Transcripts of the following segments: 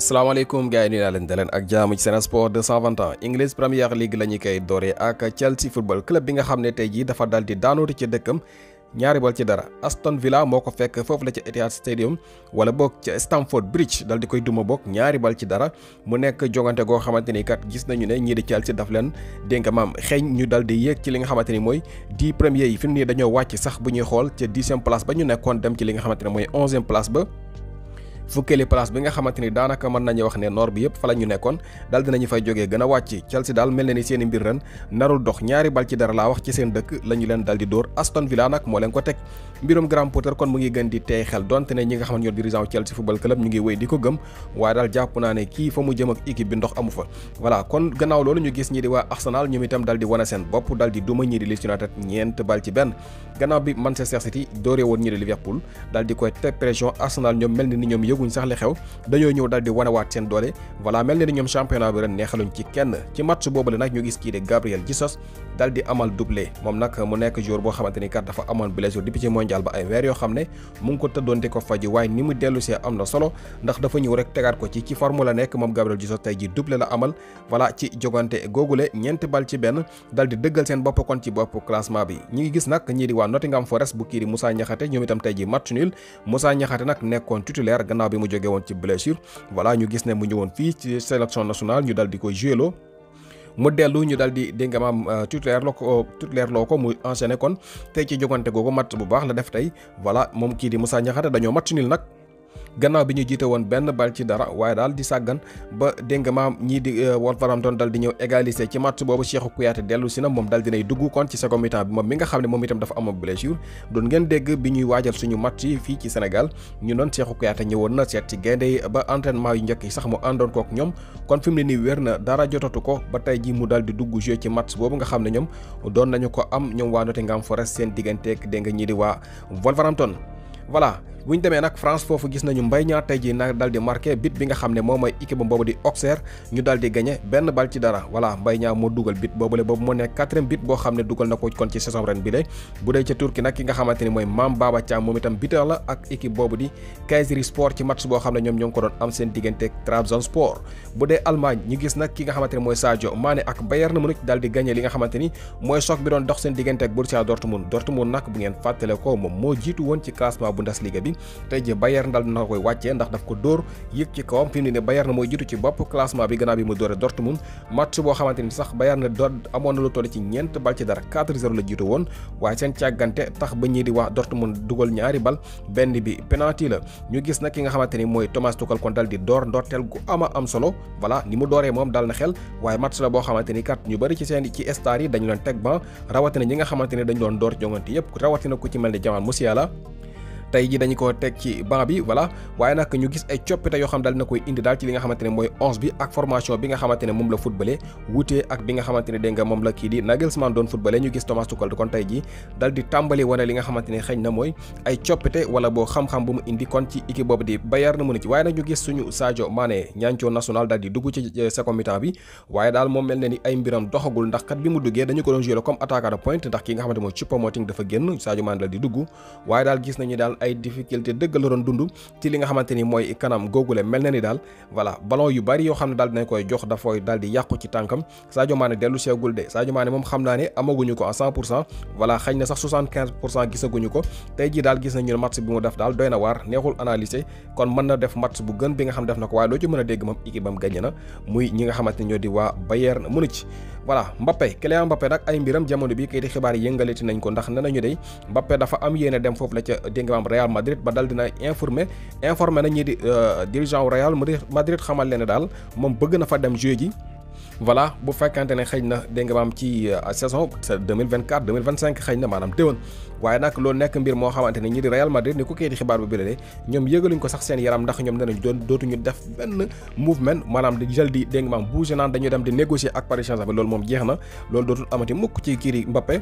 asalaamaaleykum gars yi nuyu naa leen da leen ak jaamu ci Sen Sport 221 English Premier League la koy dooree ak Chelsea football club bi nga xam ne tey jii dafa dal di daanootu ci dëkkam ñaari bal ci dara Aston Villa moo ko fekk foofu la ca Etihad Stadium wala boog ca Stamford Bridge dal di koy duma bokk ñaari bal ci dara mu nekk jongante goo xamante ni kat gis nañu ne ñii di Chelsea daf leen dénk xeeñ ñu dal di yéeg ci li nga xamante ni mooy dix premiers yi fi mu sax bu ñuy xool ca dixième place ba ñu nekkoon dem ci li nga xamante ne mooy onzième place ba. fukkeeli place bi nga xamante ni daanaka mën nañu wax ne noor bi yëpp fa la nekkoon dal dinañu fay jógee gën a wàcc Chelsea daal mel na ni seen i mbir ren narul dox ñaari bal ci dara laa wax ci seen dëkk la ñu leen dal di dóor Aston Villa nag moo leen ko teg mbirum Graham Potter kon mu ngi gën di tey xel donte ne ñi nga xam ne ñoo dirigeant Chelsea football club ñu ngi wéy di ko gëm waaye daal jàpp naa ne kii fa mu jëm ak équipe bi ndox amu fa voilà kon yëguñ sax li xew dañoo ñëw daal di seen doole voilà mel na ñoom championnat bi ren neexaluñ ci kenn ci match boobale nag ñu gis kii Gabriel Jesus daal amal doublé moom nag mu nekk joueur boo xamante ni kat dafa amoon blessure depuis ci mondial ba ay weer yoo xam ne mu ngi ko tëddoon ko faji waaye ni mu dellu am na solo ndax dafa ñëw rek tegaat ko ci ci forme nekk moom Gabriel Jesus tey ji doublé la amal voilà ci jogante googule ñeenti bal ci benn daal gannaaw bi mu jóge woon ci blessure voilà ñu gis ne mu ñëwoon fii ci sélection nationale ñu dal di koy joué loo mu dellu ñu daal di dégg nga maam la ko euh, tutelaire loo ko euh, mu enchaîné kon tey ci jogante googu mat bu baax la def tey voilà moom kii di Moussa Niakhaté dañoo mat nil nag. gannaaw bi ñu jiite woon benn bal ci dara waaye daal di sàggan ba dégg nga maam ñii di eh, Wolverhampton dal di ñëw égaliser ci match boobu Cheikhou Kouyaté dellu si na moom dal dinay dugg kon ci second mi-temps bi moom mi nga xam ne moom itam dafa amoon blessure doon ngeen dégg bi ñuy waajal suñu match yi fii ci Sénégal ñu doon Cheikhou Kouyaté ñëwoon na seet ci gaynde yi ba entraînement yu njëkk yi sax mu àndoon kook ñoom kon fi mu ne nii wér na dara jotatu ko ba tey ji mu dal di dugg jeu ci match boobu nga xam ne ñoom doon nañu ko am ñoom waa Nottingham Forest seen digganteeg dégg nga ñii di waa Wolverhampton voilà buñ démé nak France fofu gis nañu mbay ñaar tay ji nak daldi marqué bit bi nga xamné momay équipe bobu di Auxerre ñu daldi di gagner ben bal ci dara wala mbay ñaar mo duggal bit bobu le bobu mo nek 4e bit bo xamné duggal nako kon ci saison ren bi le bu dé ci Turki nak ki nga xamanteni moy Mam Baba Thiam mom itam bital la ak équipe bobu di Kayseri Sport ci match bo xamné ñom ñong ko doon am seen digënté Trabzonspor bu dé Allemagne ñu gis nak ki nga xamanteni moy Sadio Mané ak Bayern Munich daldi gagner li nga xamanteni moy sok bi doon dox seen digënté ak Borussia Dortmund Dortmund nak bu ngeen fatalé ko mom mo jitu won ci classement Bundesliga bi bi tey ji Bayern daal dina koy wàccee ndax daf ko dóor yëg ci kawam fi mu ne Bayern mooy jiitu ci bopp classement bi gannaaw bi mu doore Dortmund match boo xamante ni sax Bayern do amoon na lu toll ci ñeent bal ci dara 4-0 la jiitu woon waaye seen càggante tax ba ñii di wax Dortmund dugal ñaari bal benn bi penalty la ñu gis nag ki nga xamante ni mooy Thomas Tuchel kon dal di door ndorteel gu ama am solo voilà ni mu dooree moom dal na xel waaye match la boo xamante ni kat ñu bëri ci seen ci yi dañu leen teg ban rawatina ñi nga xamante ni dañu doon door jongante yëpp rawatina ku ci mel ni Jamal Musiala tay ji dañ ko tek ci banc bi voilà waye nak ñu gis ay ciopita yo xam dal na koy indi dal ci li nga xamantene moy 11 bi ak formation bi nga xamantene mom wute la footballé wuté ak bi nga xamantene de kidi, nga mom la ki di Nagelsmann doon footballé ñu gis Thomas Tuchel kon tay ji dal di tambali wala li nga xamantene ne na moy ay ciopité wala bo xam-xam bu mu indi kon ci équipe bobu di Bayern na mën ci waye nak ñu gis suñu Sadio Mané ñaancoo national dal di dugg ci second mi-temps bi waye dal mom mel ni ay mbiram doxagul ndax kat bi mu duggé dañ ko don joué comme attaquant de pointe ndax ki nga xamantene moting dafa génn Sadio Mané dal di dugg waye dal gis nañu dal ay difficulté dëgg la doon dund ci li nga xamante ni mooy kanam googule mel na ni daal voilà ballon yu bari yoo xam ne daal dinañ koy jox dafay daal di yàqu ci tànkam Sadio Mané dellu seegul de Sadio Mané moom xam naa ne amaguñu ko à 100 pour cent voilà xëy na sax 75 pour cent gisaguñu ko tey jii daal gis nañu match bi mu def daal doy na waar neexul analyser kon mën na def match bu gën bi nga xam def na ko waaye loo ci mën a dégg moom équipe am gagné na muy ñi nga xamante ni ñoo di waa Bayern Munich voilà Mbappé Kylian Mbappé nag ay mbiram jamono bi kayiti xibaar yi yëngalati nañ ko ndax ne nañu dey Mbappé dafa am yéene dem foofu la ca déngaam Real Madrid ba dal dina informé informé na ñii di euh, dirigeant Real Madrid xamal leen ne daal moom bëgg na fa dem jouer ji voilà bu fekkante ne xëy na dégg nga maam ci saison 2024 2025 xëy na maanaam déwén waaye nag loolu nekk mbir moo xamante ne ñi di Real Madrid ni ko kii di xibaar bu bile de ñoom yëgaluñ ko sax seen yaram ndax ñoom nenañ doon dootuñu def benn mouvement maanaam di jël di dégg maam bougé naan dañuy dem di négocier ak Paris Saint-Germain loolu moom jeex na loolu dootul amati mukk ci kii Mbappé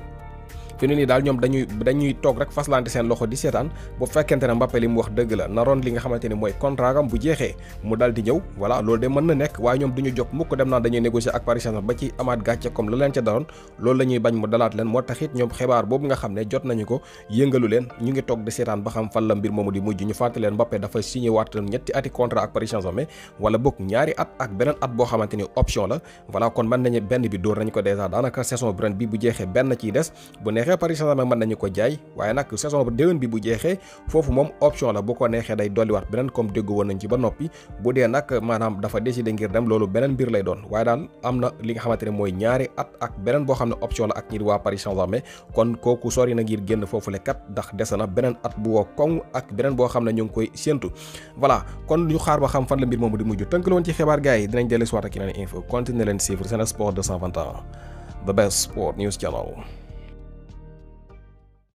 fi ne nii daal ñoom dañuy dañuy toog rek faslante seen loxo di seetaan bu fekkente ne Mbappé li mu wax dëgg la naroon li nga xamante ni mooy contrat am bu jeexee mu dal di ñëw voilà loolu de mën na nekk waaye ñoom du ñu jóg mukk dem naa dañuy négocier ak Paris Saint-Germain ba ci amaat gàcce comme la leen ca daroon loolu la bañ mu dalaat leen moo tax ñoom xibaar boobu nga xam ne jot nañu ko yëngalu leen ñu ngi toog di seetaan ba xam fan la mbir moomu di mujj ñu fàttali leen Mbappé dafa signé waat ñetti ati contrat ak Paris Saint-Germain wala boog ñaari at ak beneen at boo xamante ni option la voilà kon mën nañu benn bi dóor nañ ko dèjà bi ren bi bu jeexee benn ciy des jeexee Paris Saint-Germain man nañu ko jaay waaye nak saison ba déwén bi bu jeexee fofu mom option la bu ko nexé day wat benen comme deggu woon nañ ci ba nopi bu dé nak manam dafa décider ngir dem lolu benen bir lay doon waaye daal amna li nga xamante moy ñaari at ak benen bo xamné option la ak ñi wa Paris Saint-Germain kon koku sori na ngir fofu le kat ndax déssana na at bu wo kong ak benen bo xamné ne ñu koy sentu voilà kon ñu xaar ba xam fan la mbir moomu di muju tënk lu won ci xébar gaay dinañ délé si ak yeneen info continuer len suivre Sen Sport 221 the best sport news channel